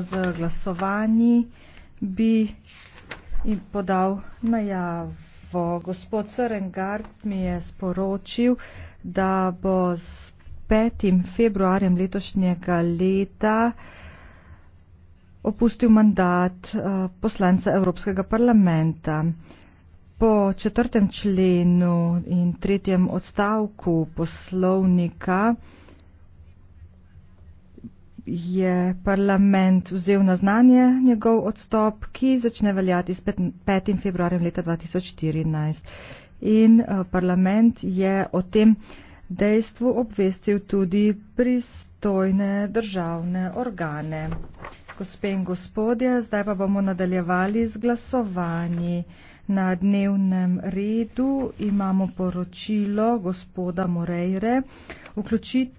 z glasovanji bi in podal najavo. Gospod Srengard mi je sporočil, da bo z 5. februarjem letošnjega leta opustil mandat eh, poslanca Evropskega parlamenta. Po četrtem členu in tretjem odstavku poslovnika je parlament vzel na znanje njegov odstop, ki začne veljati s 5. februarjem leta 2014. In eh, parlament je o tem dejstvu obvestil tudi pristojne državne organe. Gospe in gospodje, zdaj pa bomo nadaljevali z glasovanji. Na dnevnem redu imamo poročilo gospoda Morejre. Vključit